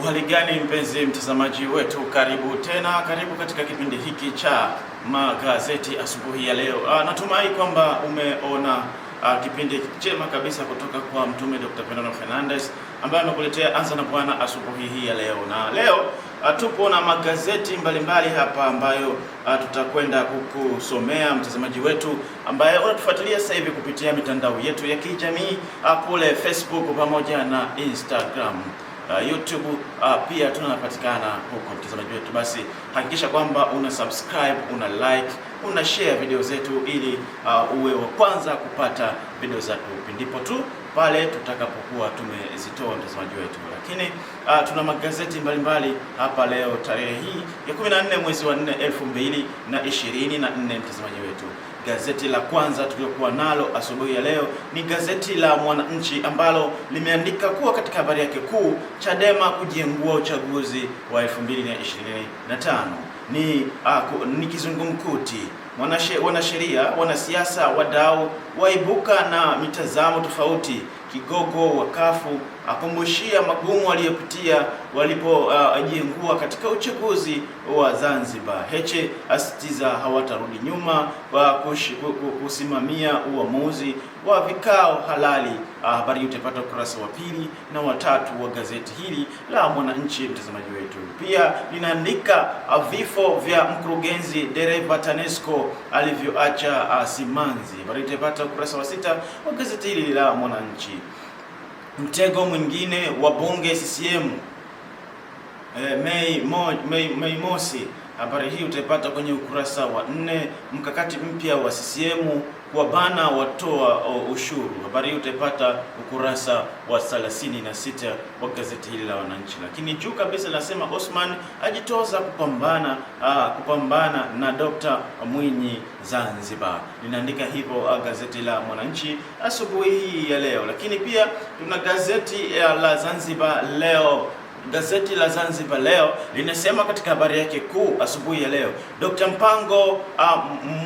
Uhali gani mpenzi mtazamaji wetu, karibu tena, karibu katika kipindi hiki cha magazeti asubuhi ya leo. Uh, natumai kwamba umeona uh, kipindi chema kabisa kutoka kwa Mtume Dr. Fernando Fernandez ambaye amekuletea anza na bwana asubuhi hii ya leo, na leo ah, tupo na magazeti mbalimbali mbali hapa ambayo tutakwenda kukusomea mtazamaji wetu ambaye unatufuatilia sasa hivi kupitia mitandao yetu ya kijamii kule Facebook pamoja na Instagram uh, YouTube uh, pia tunapatikana huko mtazamaji wetu. Basi hakikisha kwamba una subscribe, una like, una share video zetu ili uh, uwe wa kwanza kupata video zetu pindipo tu pale tutakapokuwa tumezitoa mtazamaji wetu. Lakini uh, tuna magazeti mbalimbali hapa leo tarehe hii ya 14 mwezi wa 4 2024 mtazamaji wetu. Gazeti la kwanza tuliyokuwa nalo asubuhi ya leo ni gazeti la Mwananchi ambalo limeandika kuwa katika habari yake kuu, Chadema kujiengua uchaguzi wa 2025 ni uh, ni kizungumkuti. Wanasheria, wanasiasa, wadau waibuka na mitazamo tofauti kigogo wa kafu akumbushia magumu aliyopitia walipojiengua uh, katika uchaguzi wa Zanzibar. Heche asitiza hawatarudi nyuma uh, kwa kusimamia uamuzi wa vikao halali Ah, habari yote yapata ukurasa wa pili na watatu wa gazeti hili la Mwananchi, mtazamaji wetu. Pia linaandika ah, vifo vya mkurugenzi dereva TANESCO alivyoacha ah, simanzi, habari itapata ukurasa wa sita wa gazeti hili la Mwananchi. Mtego mwingine wa bunge CCM e, eh, Mei, mo, Mei, Mei mosi, habari hii utaipata kwenye ukurasa wa nne. Mkakati mpya wa CCM bana watoa ushuru. Habari hii utaipata ukurasa wa 36 wa gazeti hili la Wananchi. Lakini juu kabisa nasema Osman ajitoza kupambana aa, kupambana na Dr. Mwinyi Zanzibar. Linaandika hivyo gazeti la Mwananchi asubuhi hii ya leo, lakini pia tuna gazeti la Zanzibar leo Gazeti la Zanzibar Leo linasema katika habari yake kuu asubuhi ya leo, Dr. Mpango ah,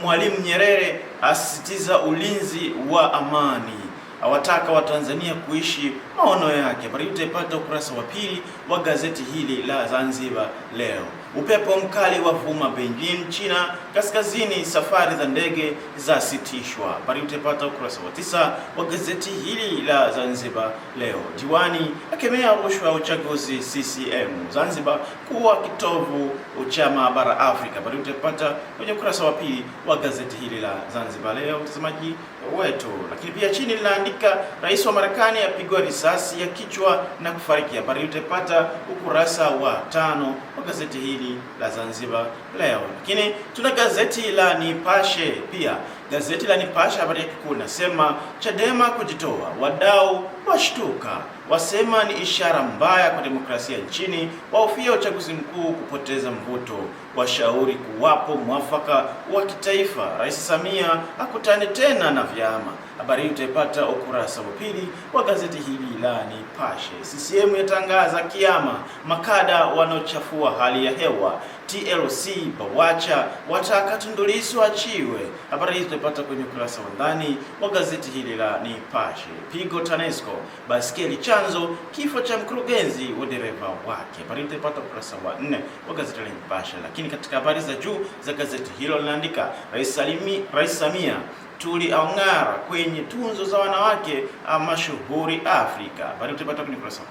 Mwalimu Nyerere asisitiza ulinzi wa amani awataka Watanzania kuishi maono yake. Habari utaipata ukurasa wa pili wa gazeti hili la Zanzibar Leo. Upepo mkali wa vuma Beijing, China kaskazini, safari za ndege zasitishwa. Pale utapata ukurasa wa tisa wa gazeti hili la Zanzibar Leo. Diwani akemea rushwa ya uchaguzi, CCM Zanzibar kuwa kitovu cha maabara Afrika. Pale utapata kwenye ukurasa wa pili wa gazeti hili la Zanzibar Leo, mtazamaji wetu. Lakini pia chini linaandika rais wa Marekani apigwa risasi ya kichwa na kufariki. Pale utapata ukurasa wa tano wa gazeti hili la Zanzibar Leo. Lakini tuna gazeti la Nipashe pia. Gazeti la Nipashe habari yake kuu nasema Chadema kujitoa, wadau washtuka, wasema ni ishara mbaya kwa demokrasia nchini, wahofia uchaguzi mkuu kupoteza mvuto, washauri kuwapo mwafaka wa kitaifa, Rais Samia akutane tena na vyama. Habari hii utaipata ukurasa wa pili wa gazeti hili la Nipashe. Nipashe, CCM yatangaza kiama makada wanaochafua hali ya hewa, TLC BAWACHA wataka Tundu Lissu achiwe. Habari hizi tutapata kwenye ukurasa wa ndani wa gazeti hili la Nipashe. Pigo TANESCO, baskeli chanzo kifo cha mkurugenzi wa dereva wake. Habari tutapata ukurasa wa nne wa gazeti la Nipashe, lakini katika habari za juu za gazeti hilo linaandika Rais Salimi, Rais Samia tuliang'ara kwenye tunzo za wanawake mashuhuri Afrika. Habari nilipata kwenye kurasa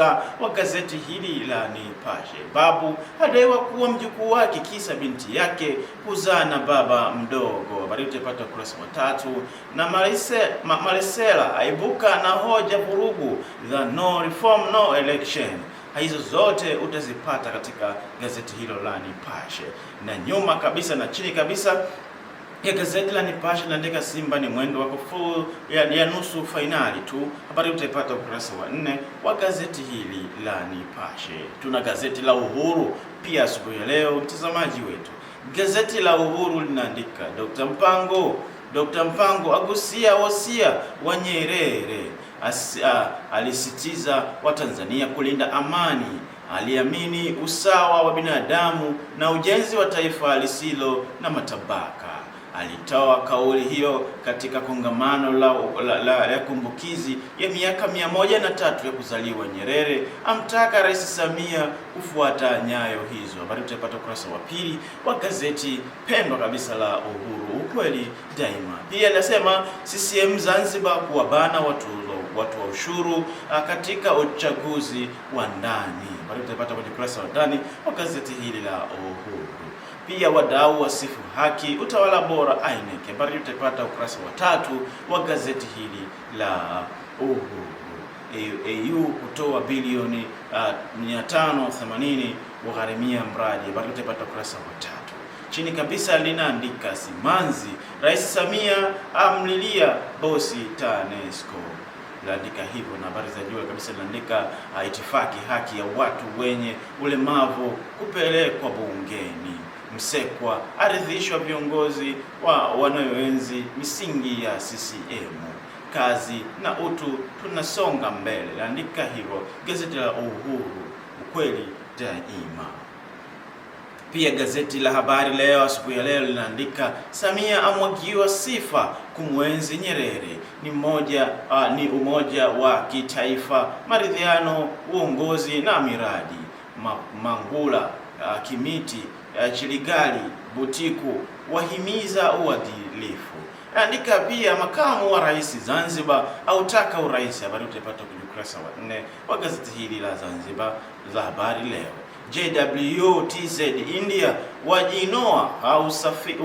19 wa gazeti hili la Nipashe. Babu adaiwa kuwa mjukuu wake kisa binti yake kuzaa na baba mdogo, habari utaipata kurasa wa tatu. Na Marise, ma, aibuka na hoja vurugu za no reform no election hizo zote utazipata katika gazeti hilo la Nipashe, na nyuma kabisa na chini kabisa ya gazeti la Nipashe linaandika Simba ni mwendo wako full ya, ya nusu fainali tu. Habari utaipata ukurasa wa nne wa gazeti hili la Nipashe. Tuna gazeti la Uhuru pia asubuhi ya leo, mtazamaji wetu. Gazeti la Uhuru linaandika Dr. Mpango Dr. Mpango agusia wosia wa Nyerere, alisitiza Watanzania kulinda amani, aliamini usawa wa binadamu na ujenzi wa taifa lisilo na matabaka alitoa kauli hiyo katika kongamano la, la, la, la kumbukizi ya miaka mia moja na tatu ya kuzaliwa Nyerere, amtaka Rais Samia kufuata nyayo hizo. Habari tutapata ukurasa wa pili wa gazeti pendwa kabisa la Uhuru, ukweli daima. Pia anasema CCM Zanzibar kuwabana watu watu wa ushuru ah, katika uchaguzi wa ndani. Habari tutapata kwenye ukurasa wa ndani wa gazeti hili la Uhuru pia wadau wasifu haki, utawala bora INEC. Habari utaipata ukurasa wa tatu wa gazeti hili la Uhuru. AU kutoa bilioni uh, 580 kugharimia mradi, habari utaipata ukurasa wa tatu. Chini kabisa linaandika simanzi, Rais Samia amlilia bosi TANESCO laandika hivyo na habari za jua kabisa linaandika uh, itifaki haki ya watu wenye ulemavu kupelekwa bungeni. Msekwa aridhishwa viongozi wa wanayoenzi misingi ya CCM. Kazi na utu, tunasonga mbele. Laandika hivyo gazeti la Uhuru, ukweli daima. Pia gazeti la Habari Leo asubuhi ya leo linaandika Samia amwagiwa sifa kumwenzi Nyerere, ni mmoja uh, ni umoja wa kitaifa, maridhiano, uongozi na miradi. Ma, Mangula uh, Kimiti Eh, Chiligali Butiku wahimiza uadilifu. Andika pia makamu wa rais Zanzibar autaka urais. Habari utaipata kwenye ukurasa wa nne wa gazeti hili la Zanzibar la Habari Leo. JWTZ India wajinoa au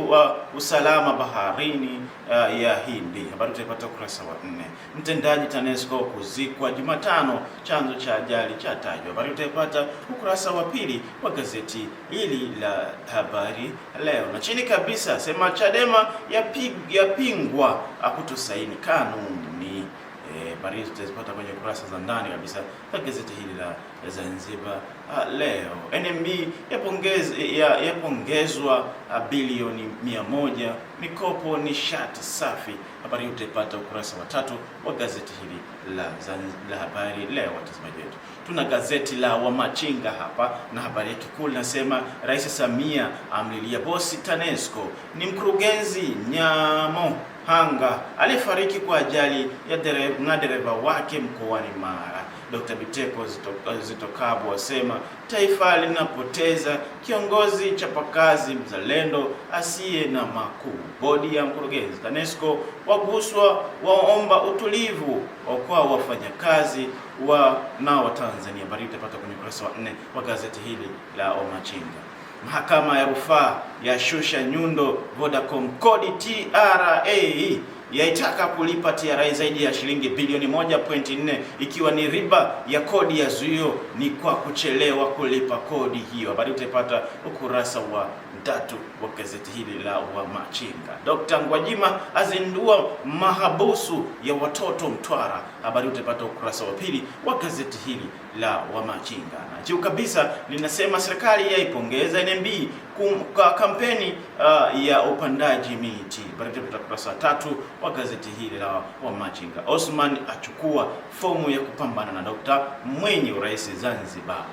wa usalama baharini uh, ya Hindi. Habari tutaipata ukurasa wa nne. Mtendaji TANESCO kuzikwa Jumatano, chanzo cha ajali cha tajwa. Habari utaipata ukurasa wa pili wa gazeti hili la habari leo. Na chini kabisa sema Chadema yapingwa akutosaini kutosaini kanuni habari hizi tutazipata kwenye kurasa za ndani kabisa za gazeti hili la Zanzibar ah, Leo. NMB yapongezwa ya, ah, bilioni mia moja mikopo nishati safi. Habari hii utaipata ukurasa wa tatu wa gazeti hili la, la habari leo. Watazamaji wetu, tuna gazeti la Wamachinga hapa na habari yake kuu linasema Rais Samia amlilia bosi TANESCO ni mkurugenzi Nyamo Hanga alifariki kwa ajali ya dereva na dereva wake mkoani Mara. Dr. Biteko Zitokabo asema taifa linapoteza kiongozi chapakazi mzalendo asiye na makuu. Bodi ya mkurugenzi TANESCO waguswa waomba utulivu kwa wafanyakazi wa na Watanzania. Habari utapata kwenye ukurasa wa nne wa gazeti hili la Omachinga. Mahakama ya Rufaa ya shusha nyundo Vodacom, kodi TRA yaitaka kulipa TRA zaidi ya shilingi bilioni 1.4 ikiwa ni riba ya kodi ya zuio ni kwa kuchelewa kulipa kodi hiyo. Habari utaipata ukurasa wa tatu wa gazeti hili la Wamachinga. Dr. Ngwajima azindua mahabusu ya watoto Mtwara. Habari utaipata ukurasa wa pili wa gazeti hili la wamachinga. Na juu kabisa linasema serikali yaipongeza NMB kwa kampeni uh, ya upandaji miti. Baraka katika kurasa wa tatu wa gazeti hili la wamachinga. Osman achukua fomu ya kupambana na Dkt. mwenye urais Zanzibar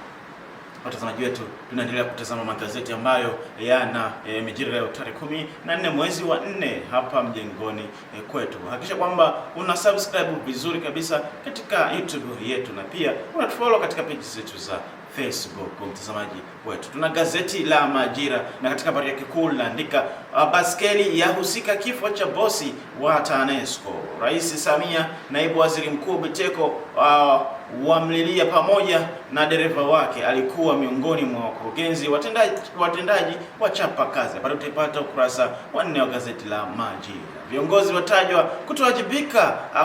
watazamaji wetu, tunaendelea kutazama magazeti ambayo yana e, mijiri leo tarehe kumi na nne mwezi wa nne hapa mjengoni e, kwetu. Hakikisha kwamba una subscribe vizuri kabisa katika YouTube yetu na pia unatufollow katika page zetu za Facebook. Mtazamaji wetu, tuna gazeti la Majira na katika habari yake kuu linaandika baskeli yahusika kifo cha bosi wa TANESCO. Rais Samia, naibu waziri mkuu Biteko uh, wamlilia pamoja na dereva wake, alikuwa miongoni mwa wakurugenzi watendaji watendaji wa chapa kazi. bado utaipata ukurasa wa nne wa gazeti la Majira. Viongozi watajwa kutowajibika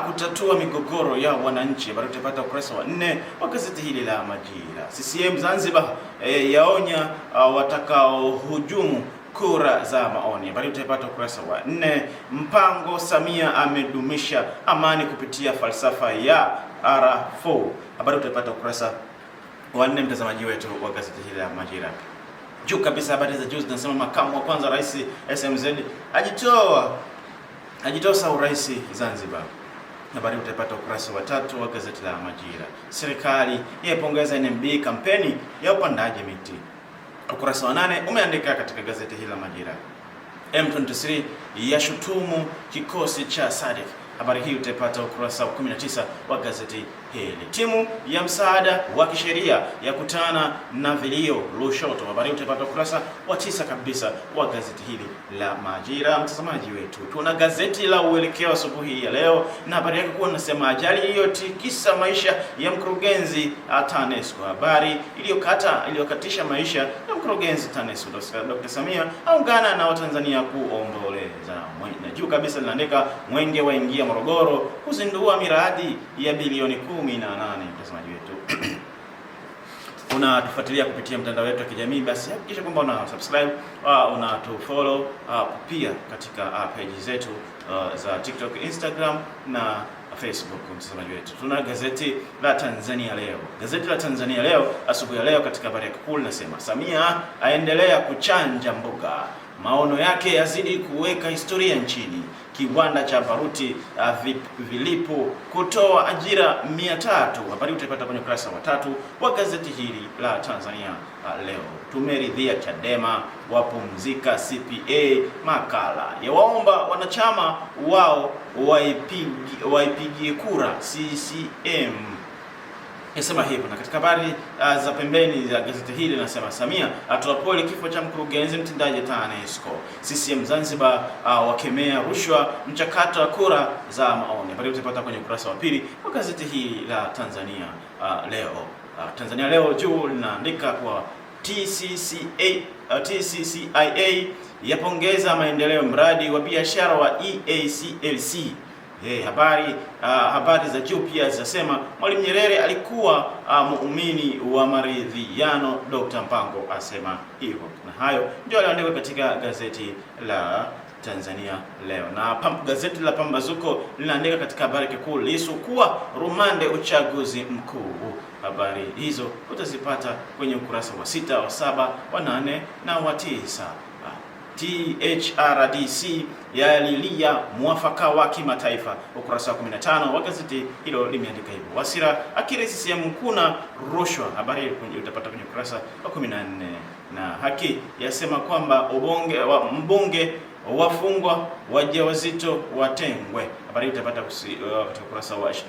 kutatua migogoro ya wananchi. Bado tutapata ukurasa wa nne wa gazeti hili la Majira. CCM Zanzibar e, yaonya watakaohujumu kura za maoni. Habari utaipata ukurasa wa nne. Mpango Samia amedumisha amani kupitia falsafa ya R4. Habari utaipata ukurasa wa nne, mtazamaji wetu wa gazeti hili la Majira. Juu kabisa habari za juu zinasema makamu wa kwanza rais SMZ ajitoa ajitosa urais Zanzibar. Habari utaipata ukurasa wa tatu wa gazeti la Majira. Serikali yaipongeza NMB kampeni ya upandaji miti ukurasa wa nane umeandika katika gazeti hili la Majira. M23 yashutumu kikosi cha Sadik. Habari hii utaipata ukurasa wa 19 wa gazeti hili. Timu ya msaada wa kisheria ya kutana na vilio Lushoto. Habari utapata ukurasa wa tisa kabisa wa gazeti hili la Majira. Mtazamaji wetu, tuna gazeti la Uelekeo asubuhi ya leo, na habari yake kuwa nasema ajali iliyotikisa maisha ya mkurugenzi TANESCO, habari iliyokata iliyokatisha maisha ya mkurugenzi TANESCO Dr. Samia aungana na Watanzania kuomboleza na juu kabisa linaandika mwenge waingia Morogoro kuzindua miradi ya bilioni kuu kumi na nane mtazamaji wetu unatufuatilia kupitia mtandao wetu wa kijamii, basi hakikisha kwamba una subscribe uh, una tu follow uh, pia katika uh, page zetu uh, za TikTok, Instagram na Facebook. Mtazamaji wetu, tuna gazeti la Tanzania Leo. Gazeti la Tanzania Leo asubuhi ya leo katika habari ya kuu linasema Samia aendelea kuchanja mboga maono yake yazidi kuweka historia nchini kiwanda cha baruti uh, vilipo kutoa ajira mia tatu. Habari utaipata kwenye ukurasa wa tatu wa gazeti hili la Tanzania uh, leo. Tumeridhia Chadema wapumzika CPA, makala yawaomba wanachama wao waipigie kura CCM yasema hivyo. Na katika habari uh, za pembeni za gazeti hili linasema Samia atoa pole kifo cha mkurugenzi mtendaji TANESCO. CCM Zanzibar uh, wakemea rushwa mchakato wa kura za maoni. Habari utapata kwenye ukurasa wa pili wa gazeti hili la Tanzania uh, leo uh, Tanzania leo juu linaandika kwa TCCA, uh, TCCIA yapongeza maendeleo mradi wa biashara wa EACLC Eh, habari uh, habari za juu pia zinasema Mwalimu Nyerere alikuwa ah, muumini wa maridhiano, Dr. Mpango asema hivyo, na hayo ndio yaliandikwa katika gazeti la Tanzania leo. Na pam, gazeti la Pambazuko linaandika katika habari kikuu Lissu kuwa rumande uchaguzi mkuu. Habari hizo utazipata kwenye ukurasa wa sita, wa saba, wa nane na wa tisa. THRDC yalilia mwafaka wa kimataifa. Ukurasa wa 15 wa gazeti hilo limeandika hivyo. Wasira akiri CCM kuna rushwa, habari hiyo utapata kwenye ukurasa wa 14, na haki yasema kwamba ubonge wa mbunge wafungwa wajawazito watengwe. Habari utapata uh, katika ukurasa wa 27.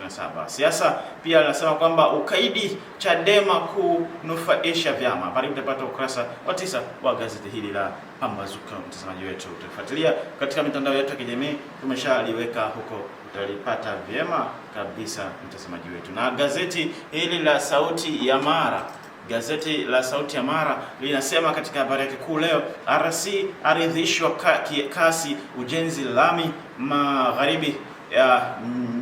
Siasa pia anasema kwamba ukaidi Chadema kunufaisha vyama. Habari utapata ukurasa wa tisa wa gazeti hili la Pambazuka. Mtazamaji wetu utafuatilia katika mitandao yetu ya kijamii, tumeshaliweka huko utalipata vyema kabisa mtazamaji wetu, na gazeti hili la Sauti ya Mara Gazeti la Sauti ya Mara linasema katika habari yake kuu leo, RC aridhishwa kasi ujenzi lami magharibi ya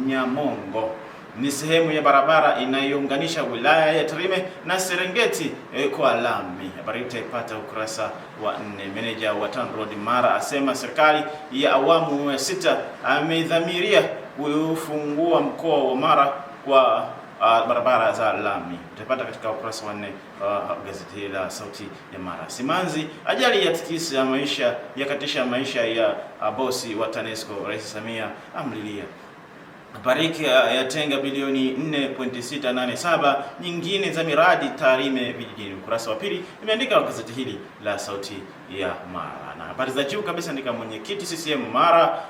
Nyamongo ni sehemu ya barabara inayounganisha wilaya ya Tarime na Serengeti e, kwa lami. Habari hii itaipata ukurasa wa nne. Meneja wa TANROADS Mara asema serikali ya awamu ya sita amedhamiria kufungua mkoa wa Mara kwa uh, barabara za lami utapata katika ukurasa wa nne uh, gazeti hili la Sauti ya Mara. Simanzi, ajali ya tikisi ya maisha yakatisha maisha ya uh, bosi wa TANESCO. Rais Samia amlilia Bariki yatenga bilioni 4.687 nyingine za miradi Tarime vijijini. Ukurasa wa pili imeandika gazeti hili la Sauti ya Mara habari za juu kabisa ni kama mwenyekiti CCM Mara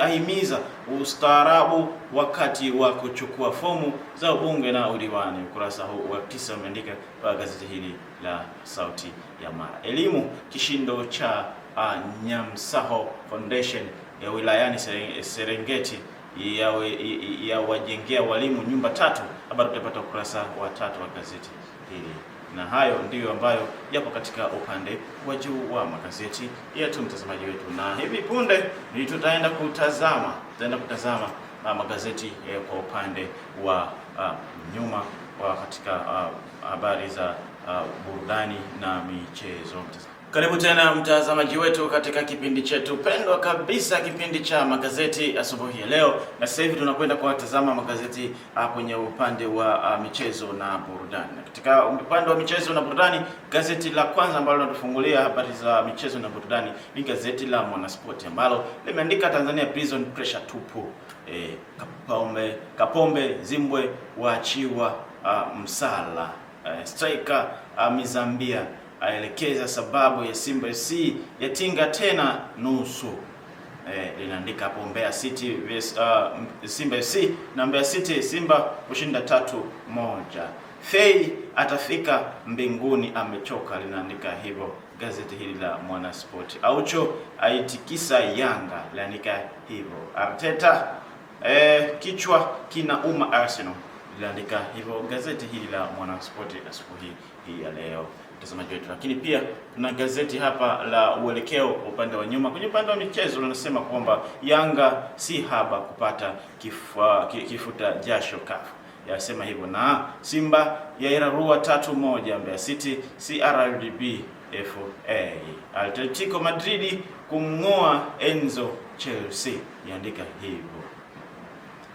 ahimiza ustaarabu wakati wa kuchukua fomu za ubunge na udiwani. Ukurasa huu wa tisa umeandika kwa gazeti hili la Sauti ya Mara. Elimu, kishindo cha uh, Nyamsaho Foundation e, ya wilayani Serengeti yawajengea ya walimu nyumba tatu. Habari utapata ukurasa wa tatu wa gazeti hili na hayo ndiyo ambayo yapo katika upande wa juu wa magazeti yetu, mtazamaji wetu, na hivi punde ni tutaenda kutazama tutaenda kutazama uh, magazeti eh, kwa upande wa uh, nyuma wa katika uh, habari uh, za uh, burudani na michezo. Karibu tena mtazamaji wetu katika kipindi chetu pendwa kabisa, kipindi cha magazeti asubuhi ya leo, na sasa hivi tunakwenda kuwatazama magazeti ah, kwenye upande wa ah, michezo na burudani. Katika upande wa michezo na burudani, gazeti la kwanza ambalo linatufungulia habari za michezo na burudani ni gazeti la Mwanaspoti ambalo limeandika Tanzania prison pressure tupu. E, Kapombe, Kapombe Zimbwe waachiwa ah, msala. E, striker Mizambia aelekeza sababu ya Simba FC yatinga tena nusu. E, linaandika hapo Mbeya City uh, Simba FC na Mbeya City Simba kushinda tatu moja. Fei atafika mbinguni amechoka, linaandika hivyo gazeti hili la Mwanaspoti. Aucho aitikisa Yanga, linaandika hivyo. Arteta e, kichwa kinauma Arsenal, linaandika hivyo gazeti hili la Mwanaspoti asubuhi hii ya leo mtazamaji wetu, lakini pia tuna gazeti hapa la Uelekeo upande wa nyuma, kwenye upande wa michezo linasema kwamba Yanga si haba kupata kifuta jasho kafu yasema hivyo na Simba yairarua tatu moja Mbeya City CRDB FA. Atletico Madridi kumng'oa Enzo Chelsea, iandika hivyo.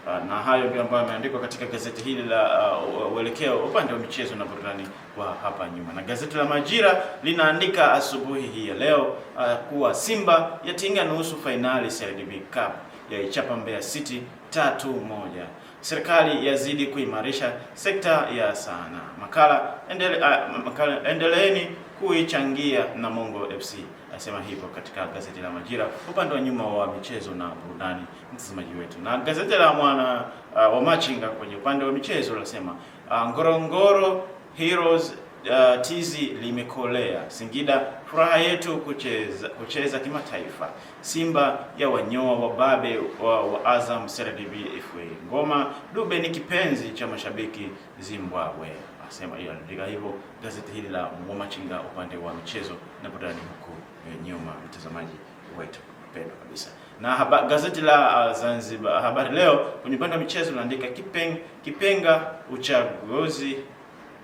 Ah, na hayo ndio ambayo yameandikwa katika gazeti hili la uh, Uelekeo upande wa michezo na burudani kwa hapa nyuma. Na gazeti la Majira linaandika asubuhi hii ya leo uh, kuwa Simba yatinga nusu fainali CRDB Cup yaichapa Mbeya City tatu moja. Serikali yazidi kuimarisha sekta ya sanaa. Makala, endele, uh, makala endeleeni kuichangia Namungo FC, asema hivyo katika gazeti la Majira upande wa nyuma wa michezo na burudani, mtazamaji wetu. Na gazeti la mwana uh, wa Machinga kwenye upande wa michezo lasema uh, Ngorongoro Heroes Uh, tizi limekolea Singida, furaha yetu kucheza kucheza kimataifa. Simba ya wanyoa wababe wa, wa Azam CRDB FA. Ngoma Dube ni kipenzi cha mashabiki Zimbabwe asema hiyo, anaandika hivyo gazeti hili la Mwamachinga upande wa michezo na burudani huku e, nyuma, mtazamaji wetu pendwa kabisa na haba, gazeti la uh, Zanzibar Habari Leo kwenye upande wa michezo linaandika Kipeng, Kipenga uchaguzi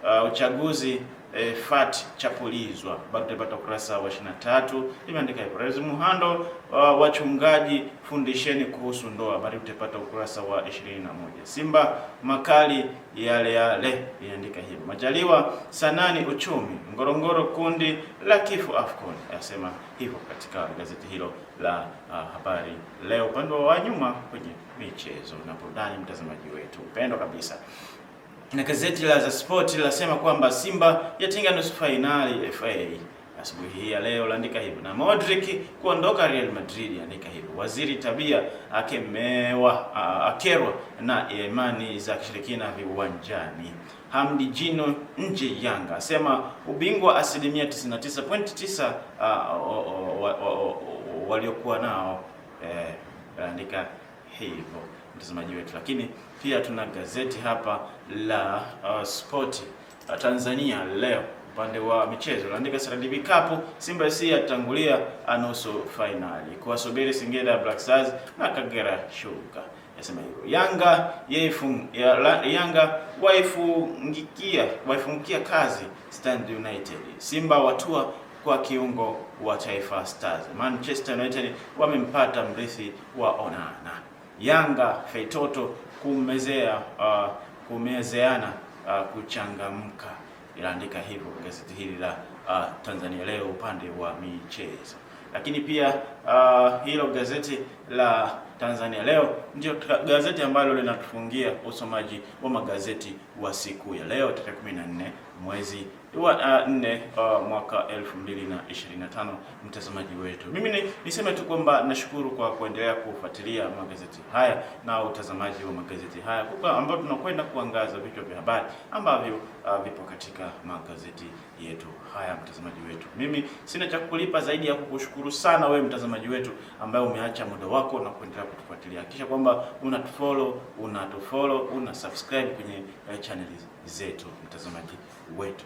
uh, uchaguzi E, Fat Chapulizwa bado ukurasa wa 23 imeandika hivyo. Rais Muhando, uh, wachungaji fundisheni kuhusu ndoa, bado utapata ukurasa wa 21. Simba makali yale yale imeandika hivyo. Majaliwa sanani uchumi Ngorongoro, kundi la kifo Afcon, asema hivyo katika gazeti hilo la uh, habari leo, upande wa nyuma kwenye michezo na burudani. Mtazamaji wetu upendo kabisa na gazeti la za Sport linasema kwamba Simba yatinga nusu fainali FA asubuhi hii ya leo laandika hivyo, na Modric kuondoka Real Madrid andika hivyo, waziri tabia akemewa akerwa na imani za kishirikina viwanjani, Hamdi Jino nje Yanga asema ubingwa asilimia 99.9 waliokuwa nao, eh, laandika hivyo mtazamaji wetu, lakini pia tuna gazeti hapa la uh, Sport uh, Tanzania leo upande wa michezo laandika Siradi Cup, Simba si yatangulia nusu fainali kuwasubiri Singida Black Stars na Kagera Sugar. Nasema hivyo Yanga yaifu, ya, la, Yanga waifungikia waifungikia kazi Stand United. Simba watua kwa kiungo wa Taifa Stars. Manchester United wamempata mrithi wa Onana. Yanga Feitoto kumezea uh, kumezeana uh, kuchangamka, inaandika hivyo gazeti hili la uh, Tanzania Leo upande wa michezo. Lakini pia uh, hilo gazeti la Tanzania Leo ndio gazeti ambalo linatufungia usomaji wa magazeti wa siku ya leo tarehe 14 mwezi wa uh, nne uh, mwaka 2025 mtazamaji wetu. Mimi ni, niseme tu kwamba nashukuru kwa kuendelea kufuatilia magazeti haya na utazamaji wa magazeti haya ambao tunakwenda kuangaza vichwa vya habari ambavyo uh, vipo katika magazeti yetu haya, mtazamaji wetu. Mimi sina cha kukulipa zaidi ya kukushukuru sana wewe mtazamaji wetu ambaye umeacha muda wako na kuendelea kutufuatilia. Hakikisha kwamba unatufollow, unatufollow, una subscribe kwenye uh, channel zetu mtazamaji wetu.